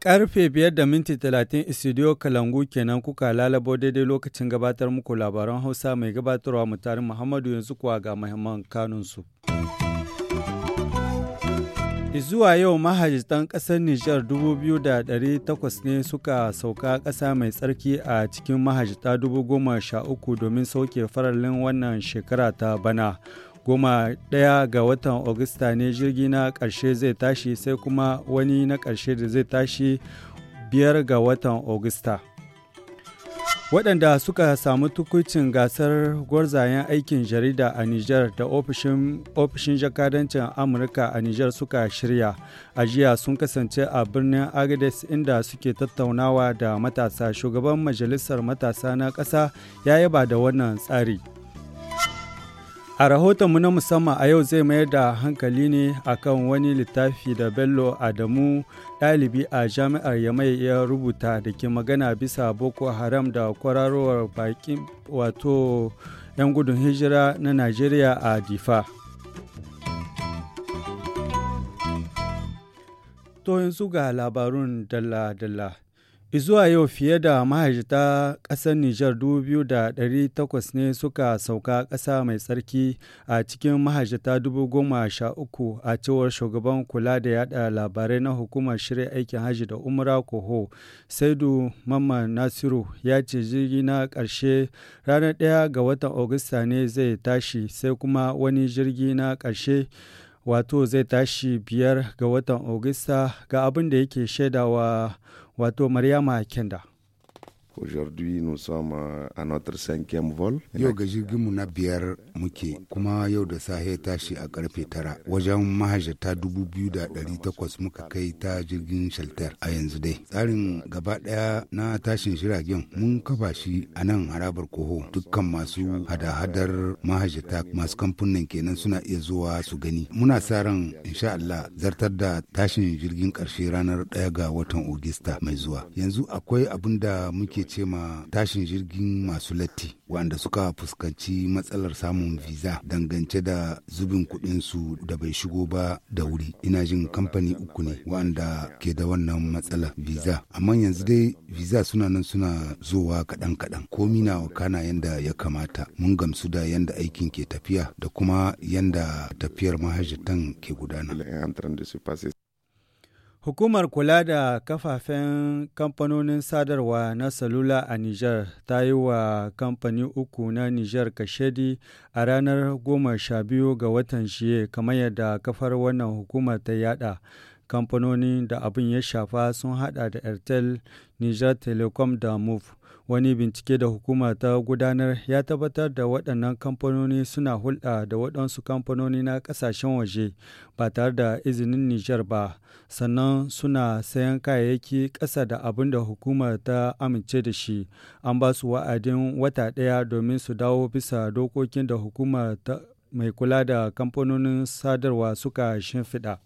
Karfe biyar da minti talatin studio Kalangu kenan kuka lalabo daidai lokacin gabatar muku labaran Hausa mai gabatarwa mutarin Muhammadu yanzu kuwa ga mahimman kanunsu. Zuwa yau mahajjatan ƙasar Nijar 2,800 ne suka sauka ƙasa mai tsarki a cikin mahajjata 13,000 domin sauke farallin wannan shekara ta bana. Goma ɗaya ga watan Agusta ne jirgi na ƙarshe zai tashi sai kuma wani na ƙarshe da zai tashi biyar ga watan Agusta. waɗanda suka samu tukucin gasar gwarzayen aikin jarida a Nijar da ofishin jakadancin Amurka a Nijar suka shirya. A jiya sun kasance a birnin Agades inda suke tattaunawa da matasa. Shugaban Majalisar Matasa na ƙasa ya yaba da wannan tsari. A rahotonmu na musamman a yau zai mayar da hankali ne akan wani littafi da Bello Adamu ɗalibi a jami'ar Yamai ya rubuta da ke magana bisa Boko Haram da kwararowar baƙin wato 'yan gudun hijira na Najeriya a Difa. To yanzu ga labarun dalla-dalla. Izuwa yau fiye da mahajita ƙasar Nijar 2,800 ne suka sauka ƙasa mai tsarki a cikin mahajita 13,000 a cewar shugaban kula da yada labarai na hukumar shirya aikin hajji da umra koho. Saidu Mamman Nasiru ya ce jirgi na ƙarshe ranar 1 ga watan Agusta ne zai tashi sai kuma wani jirgi na ƙarshe wato zai tashi biyar ga watan agusta ga abin da yake shaidawa wato Maryama Kenda. Aujourd'hui, nous sommes euh, à notre cinquième vol. Yau ga jirginmu na biyar muke kuma yau da sahe tashi a karfe tara wajen mahajata dubu biyu da ɗari takwas muka kai ta jirgin shaltar a yanzu dai. Tsarin gaba ɗaya na tashin jiragen mun kafa shi a nan harabar koho dukkan masu hada-hadar mahajata masu kamfunan kenan suna iya zuwa su gani. Muna sa ran insha Allah zartar da tashin jirgin ƙarshe ranar ɗaya ga watan Ogista mai zuwa. Yanzu akwai abin muke ake ce ma tashin jirgin masu latti wanda suka fuskanci matsalar samun visa dangance da zubin kuɗinsu da bai shigo ba da wuri ina jin kamfani uku ne wanda ke da wannan matsala visa amma yanzu dai visa suna nan suna zowa kaɗan kaɗan komi na wakana yanda ya kamata mun gamsu da yanda aikin ke tafiya da kuma yanda tafiyar mahajjatan ke gudana Hukumar kula da kafafen kamfanonin sadarwa na salula a Nijar ta yi wa kamfani uku na Nijar kashedi a ranar goma sha biyu ga watan shiye kamar yadda kafar wannan hukumar ta yada. Kamfanonin da abin ya shafa sun hada da Airtel, Nijar Telecom da Move. Wani bincike da hukuma ta gudanar ya tabbatar da waɗannan kamfanoni suna hulɗa da waɗansu kamfanoni na ƙasashen waje ba tare da izinin Nijar ba, sannan suna sayan kayayyaki ƙasa da abin da hukumar ta amince da shi. An ba su wa'adin wata ɗaya domin su dawo bisa dokokin da hukuma mai kula da kamfanonin sadarwa suka shimfiɗa.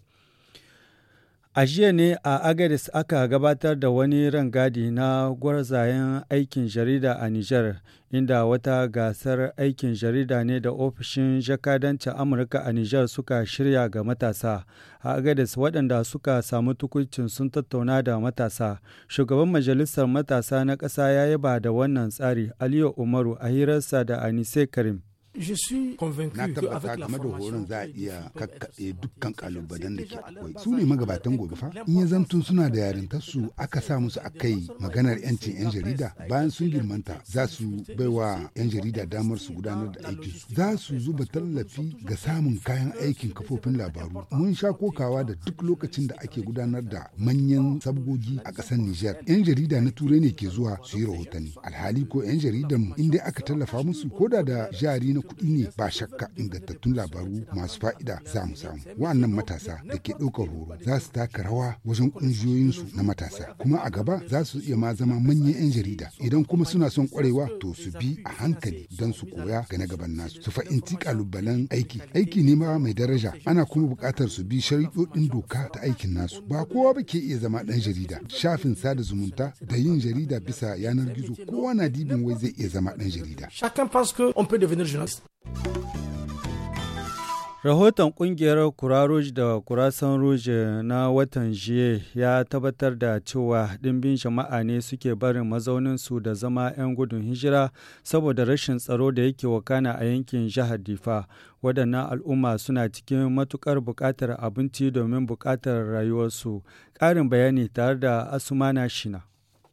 A jiya ne a Agadis aka gabatar da wani rangadi na gwarzayen aikin jarida a Nijar, inda wata gasar aikin jarida ne da ofishin jakadancin Amurka a Nijar suka shirya ga matasa. A Agadis, waɗanda suka samu tukuncin sun tattauna da matasa. Shugaban Majalisar Matasa na ƙasa ya yaba da wannan tsari, Aliyu Umaru, a hirarsa da Anise Karim. Je suis convaincu na tabbata game da horon za a iya kakkaɗe dukkan kalubalen da ke akwai su ne magabatan gobe fa in ya zamtun suna da yarintarsu aka sa musu a kai maganar yancin yan jarida bayan sun girmanta za su bai wa yan jarida damar su gudanar da aikinsu za su zuba tallafi ga samun kayan aikin kafofin labaru mun sha kokawa da duk lokacin da ake gudanar da manyan sabgogi a ƙasar Nijar yan jarida na turai ne ke zuwa su yi rahotanni alhali ko yan jaridan mu in aka tallafa musu koda da da jari na kuɗi ne ba shakka ingantattun labaru masu fa'ida za mu samu wa'annan matasa da ke ɗaukar horo za su taka rawa wajen ƙungiyoyinsu na matasa kuma a gaba za su iya ma zama manyan 'yan jarida idan kuma suna son kwarewa to su bi a hankali don su koya ga na gaban nasu su fa'inci ƙalubalen aiki aiki ne ma mai daraja ana kuma buƙatar su bi shari'o'in doka ta aikin nasu ba kowa ba ke iya zama ɗan jarida shafin sada zumunta da yin jarida bisa yanar gizo kowa na dibin wai zai iya zama ɗan jarida. Chacun pense que peut devenir journaliste. Rahoton ƙungiyar Kura Rouge da Kurasan Rouge na watan jiya ya tabbatar da cewa ɗimbin jama'a ne suke barin mazauninsu da zama 'yan gudun hijira saboda rashin tsaro da yake wakana a yankin jihar Difa. Waɗannan al'umma suna cikin matuƙar buƙatar abinci domin buƙatar rayuwarsu. Ƙarin bayani tare da Asumana Shina.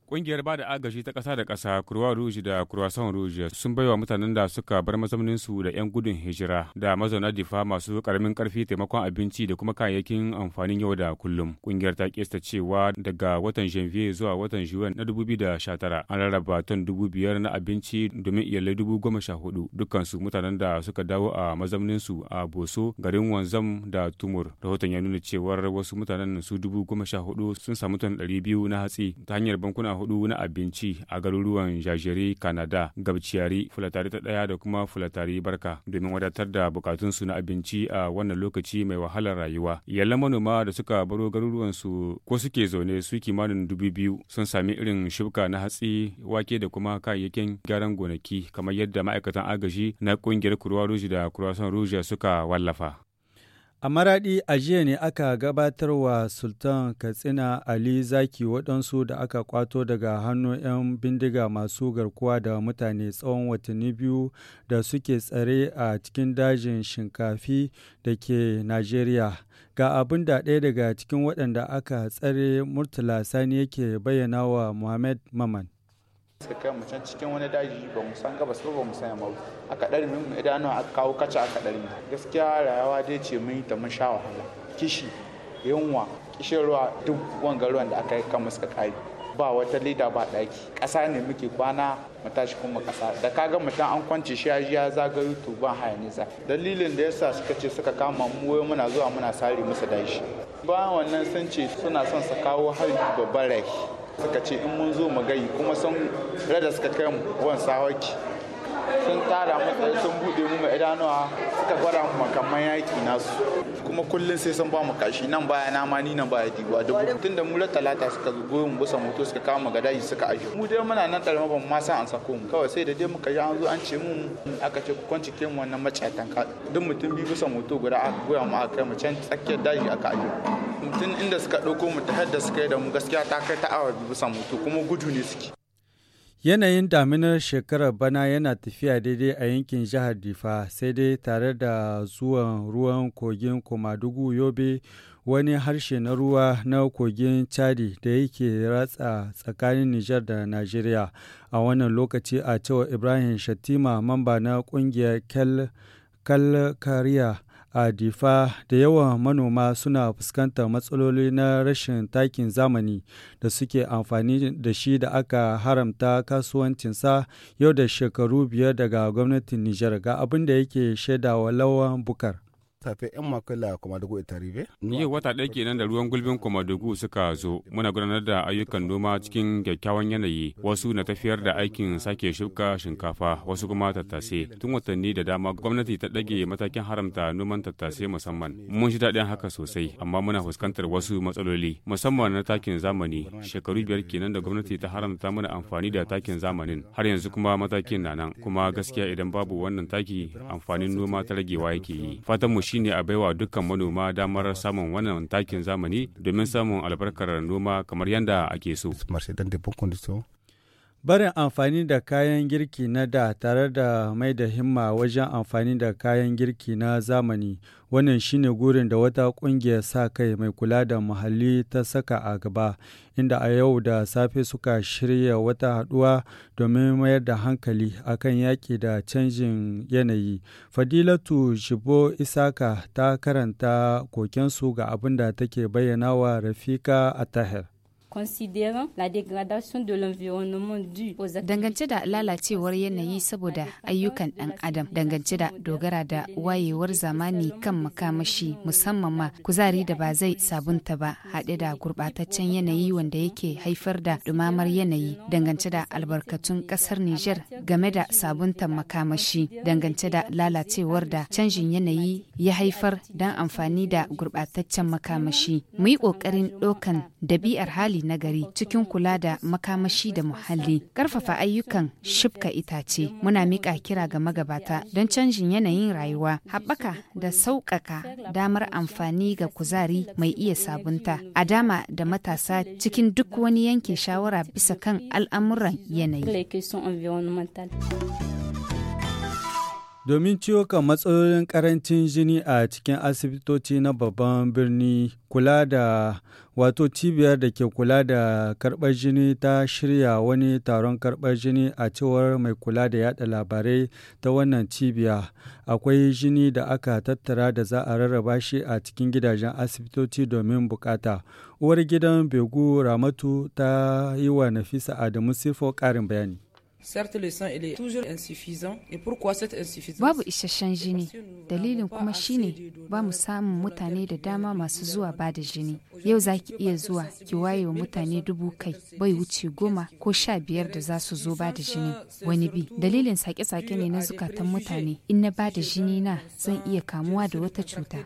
Ƙungiyar ba da agaji ta ƙasa da ƙasa Kurwa Ruji da Kurwasan Ruji sun baiwa mutanen da suka bar mazauninsu da 'yan gudun hijira da mazauna difa masu ƙaramin ƙarfi taimakon abinci da kuma kayayyakin amfanin yau da kullum. Ƙungiyar ta kesta cewa daga watan Janvier zuwa watan Juin na 2019 an rarraba ton biyar na abinci domin iyalai hudu dukkansu mutanen da suka dawo a mazauninsu a Boso garin Wanzam da Tumur. Rahoton ya nuna cewar wasu mutanen su hudu sun samu ton biyu na hatsi ta hanyar bankuna hudu na abinci a garuruwan jajiri kanada gabciyari fulatari ta daya da kuma fulatari barka domin wadatar da bukatunsu na abinci a wannan lokaci mai wahalar rayuwa yalla manoma da suka baro garuruwansu ko suke zaune su kimanin dubu biyu sun sami irin shuka na hatsi wake da kuma kayayyakin gyaran gonaki kamar yadda ma'aikatan agaji na kungiyar kurwa ruji da kurwasan ruji suka wallafa A maraɗi a jiya ne aka gabatar wa Sultan Katsina Ali Zaki waɗansu da aka kwato daga hannun 'yan bindiga masu garkuwa da mutane tsawon watanni biyu da suke tsare a cikin dajin shinkafi da ke Najeriya. Ga abin da ɗaya daga cikin waɗanda aka tsare Murtala Sani yake bayyana wa Muhammad Maman. suka kai mu can cikin wani daji ba mu san gabas ba mu san yamma a aka ɗari mu idanu aka kawo kaca a ɗari mu gaskiya rayuwa dai ce mun yi ta mun sha wahala kishi yunwa kishin ruwa duk wanga ruwan da aka yi kan suka ba wata leda ba ɗaki ƙasa ne muke kwana mu tashi kuma ƙasa da kaga mutum an kwance shi ya zagayo to ba haya nisa dalilin da yasa suka ce suka kama mu wai muna zuwa muna sare musu dashi bayan wannan sun ce suna son su kawo hari babban rai suka ce in mun zo mu gai kuma sun rada suka kai mu wan sawaki sun mu matsayi sun bude mu mai idanuwa suka gwada mu makamman yaki nasu kuma kullum sai sun ba mu kashi nan baya na ma ni nan baya diwa dubu tun da mu la talata suka zo mu busa moto suka kama ga daji suka aje mu dai muna nan tsarma ban ma san an sako mu kawai sai da dai muka ji an zo an ce mu aka ce ku kwanci ke mu wannan macatan ka duk mutum biyu bisa moto guda aka goya mu aka kai mu can tsakiyar daji aka aje mutum inda suka ɗauko mu ta hadda suka yi da mu gaskiya ta kai ta awa biyu bisa mutu kuma gudu ne suke. Yanayin daminar shekarar bana yana tafiya daidai a yankin jihar Difa sai dai tare da zuwan ruwan kogin Komadugu Yobe wani harshe na ruwa na kogin Chadi da yake ratsa tsakanin Nijar da Najeriya. A wannan lokaci a cewa Ibrahim Shatima mamba na kungiyar Kal Kariya. a da yawan manoma suna fuskantar matsaloli na rashin takin zamani da suke amfani da shi da aka haramta kasuwancinsa yau da shekaru biyar daga gwamnatin Nijar ga abin da yake shaidawa lawan bukar. safe yan kuma dugu ita ribe. yau wata ɗaya kenan da ruwan gulbin dugu suka zo muna gudanar da ayyukan noma cikin kyakkyawan yanayi wasu na tafiyar da aikin sake shuka shinkafa wasu kuma tattase tun watanni da dama gwamnati ta ɗage matakin haramta noman tattase musamman mun shi daɗin haka sosai amma muna fuskantar wasu matsaloli musamman na takin zamani shekaru biyar kenan da gwamnati ta haramta mana amfani da takin zamanin har yanzu kuma matakin na nan kuma gaskiya idan babu wannan taki amfanin noma ta ragewa yake yi fatan mu shine a baiwa dukkan manoma damar samun wannan takin zamani domin samun albarkar noma kamar yadda ake so. Barin amfani da kayan girki na da tare da mai da himma wajen amfani da kayan girki na zamani, wannan shine gurin da wata ƙungiyar sa-kai mai kula da muhalli ta saka a gaba, inda a yau da safe suka shirya wata haɗuwa domin mayar da hankali akan yaƙi da canjin yanayi. Fadilatu Shibo Isaka ta karanta kokensu ga abin da take bayyana wa Rafika Atahir. considérant la dégradation de l'environnement aux Dangance da lalacewar yanayi saboda ayyukan dan adam dangance da dogara da wayewar zamani kan makamashi musamman ma kuzari da ba zai sabunta ba haɗe da gurɓataccen yanayi wanda yake haifar da ɗumamar yanayi dangance da albarkatun ƙasar Nijar game da sabuntan makamashi dangance da lalacewar da canjin yanayi ya haifar don amfani da gurɓataccen makamashi. muyi yi ƙoƙarin ɗaukan dabi'ar hali na gari cikin kula da makamashi da muhalli, karfafa ayyukan shifka itace. Muna miƙa kira ga magabata don canjin yanayin rayuwa, haɓaka da sauƙaƙa damar amfani ga kuzari mai iya sabunta. A dama da matasa cikin duk wani yanke shawara bisa kan al'amuran yanayi. Domin ciwo kan matsalolin karancin jini a cikin asibitoci na babban birni kula da wato cibiyar da ke kula da karɓar jini ta shirya wani taron karɓar jini a cewar mai kula da yada labarai ta wannan cibiya akwai jini da aka tattara da za a rarraba shi a cikin gidajen asibitoci domin bukata uwar gidan begu ramatu ta yi wa nafisa adamu sifo ƙarin bayani Babu isasshen jini, dalilin kuma shine ba mu samun mutane da dama masu zuwa ba da jini. Yau za ki iya zuwa ki waye wa mutane dubu kai bai wuce goma ko sha biyar da za su zo ba da jini. Wani bi, dalilin sake-sake ne na zukatan mutane. In na ba da jini na zan iya kamuwa da wata cuta.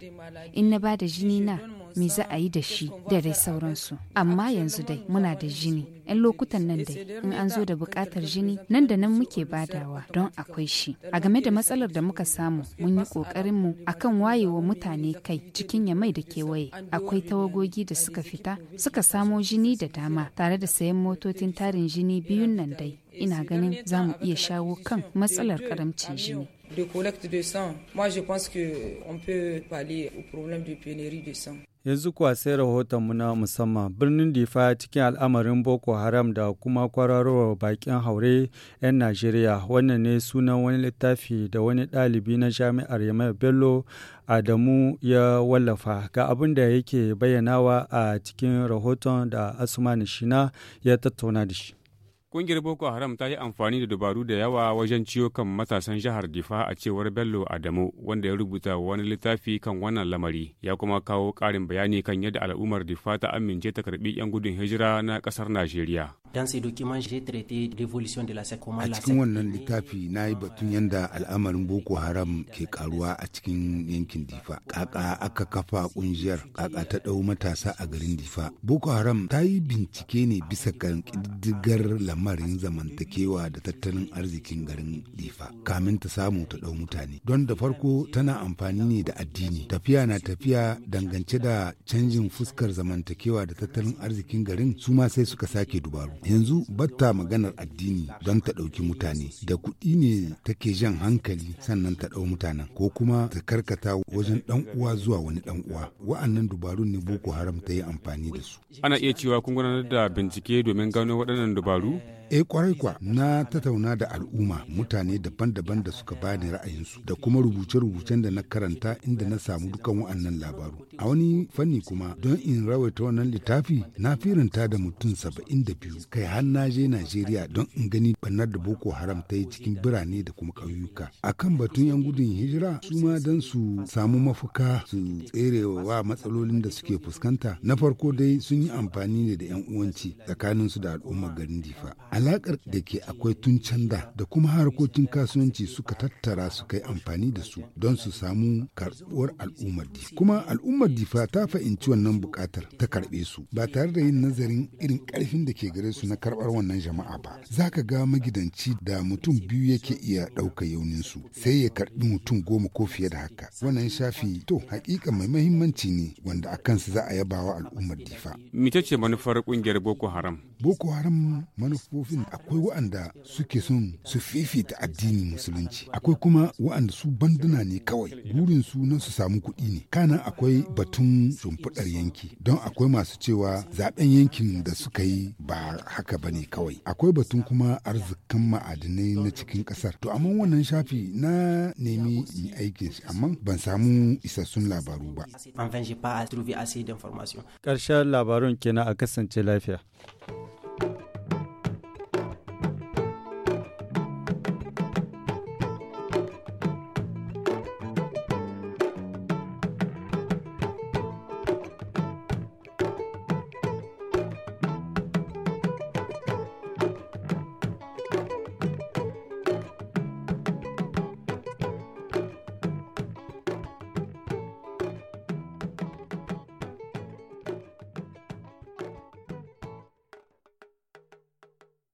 In na ba da jini na me za a yi da shi da dai sauransu amma yanzu dai muna da jini yan lokutan nan dai in an zo da bukatar jini nan da nan muke badawa don akwai shi a game da matsalar da muka samu mun yi ƙoƙarin mu akan wayewa mutane kai cikin yamai da kewaye akwai tawagogi da suka fita suka samo jini da dama tare da sayan motocin tarin jini biyun nan dai ina ganin za mu iya shawo kan matsalar karamcin jini de collecte de sang. Moi, je pense qu'on peut parler au problème de pénurie de sang. yanzu kuwa sai rahotonmu na musamman birnin difa cikin al'amarin boko haram da kuma kwararowa bakin haure 'yan najeriya wannan ne sunan wani littafi da wani ɗalibi na jami'ar yamai bello adamu ya wallafa ga abin da yake bayyanawa a cikin rahoton da asuma shina ya tattauna da shi Ƙungiyar Boko Haram ta yi amfani da dabaru da yawa wajen ciyo kan matasan jihar Difa a cewar Bello Adamu wanda ya rubuta wani littafi kan wannan lamari ya kuma kawo ƙarin bayani kan yadda al'ummar Difa ta amince ta karɓi 'yan gudun hijira na ƙasar Najeriya. Dans ces j'ai traité l'évolution de la A cikin wannan littafi na yi batun yanda al'amarin Boko Haram ke karuwa a cikin yankin Difa. Kaka aka kafa kungiyar kaka ta ɗau matasa a garin Difa. Boko Haram ta yi bincike ne bisa kan kididdigar lamarin zamantakewa da tattalin arzikin garin Difa. Kamin ta samu ta dau mutane. Don da farko tana amfani ne da addini. Tafiya na tafiya dangance da canjin fuskar zamantakewa da tattalin arzikin garin su ma sai suka sake dubaru. yanzu batta maganar addini don ta ɗauki mutane da kuɗi ne take jan hankali sannan ta ɗau mutanen ko kuma ta karkata wajen ɗan uwa zuwa wani ɗan uwa wa'annan dubarun ne boko haram ta yi amfani da su ana iya cewa kun gudanar da bincike domin gano waɗannan dubaru Eh kwarai kwa na tattauna da al'umma mutane daban-daban da suka bani ra'ayinsu da kuma rubuce-rubucen da na karanta inda na samu dukan wa'annan labaru. A wani fanni kuma don in rawaita wannan littafi na firinta da mutum saba'in da biyu kai har na je Najeriya don in gani bannar da Boko Haram ta yi cikin birane da kuma ƙauyuka. A kan batun 'yan gudun hijira su ma don su samu mafuka su tserewa matsalolin da suke fuskanta na farko dai sun yi amfani ne da 'yan uwanci tsakaninsu da al'ummar garin Difa. alaƙar da ke akwai tun canza da kuma harkokin kasuwanci suka tattara su kai amfani da su don su samu karɓuwar al'ummar difa kuma al'ummar difa ta fahimci wannan buƙatar ta karɓe su ba tare da yin nazarin irin ƙarfin da ke gare su na karɓar wannan jama'a ba za ka ga magidanci da mutum biyu yake iya ɗauka yauninsu sai ya karɓi mutum goma ko fiye da haka wannan shafi to hakika mai mahimmanci ne wanda a kansu za a yabawa al'ummar difa. Mita ce manufar ƙungiyar Boko Haram? Boko Haram manufofi mazafin akwai wa'anda suke son su fifita addinin musulunci akwai kuma wa'anda su banduna ne kawai burin su na su samu kuɗi ne kana akwai batun shimfiɗar yanki don akwai masu cewa zaben yankin da suka yi ba haka ba ne kawai akwai batun kuma arzikin ma'adinai na cikin ƙasar to amma wannan shafi na nemi in aikin shi amma ban samu isassun labaru ba. Ƙarshen labarun kenan a kasance lafiya.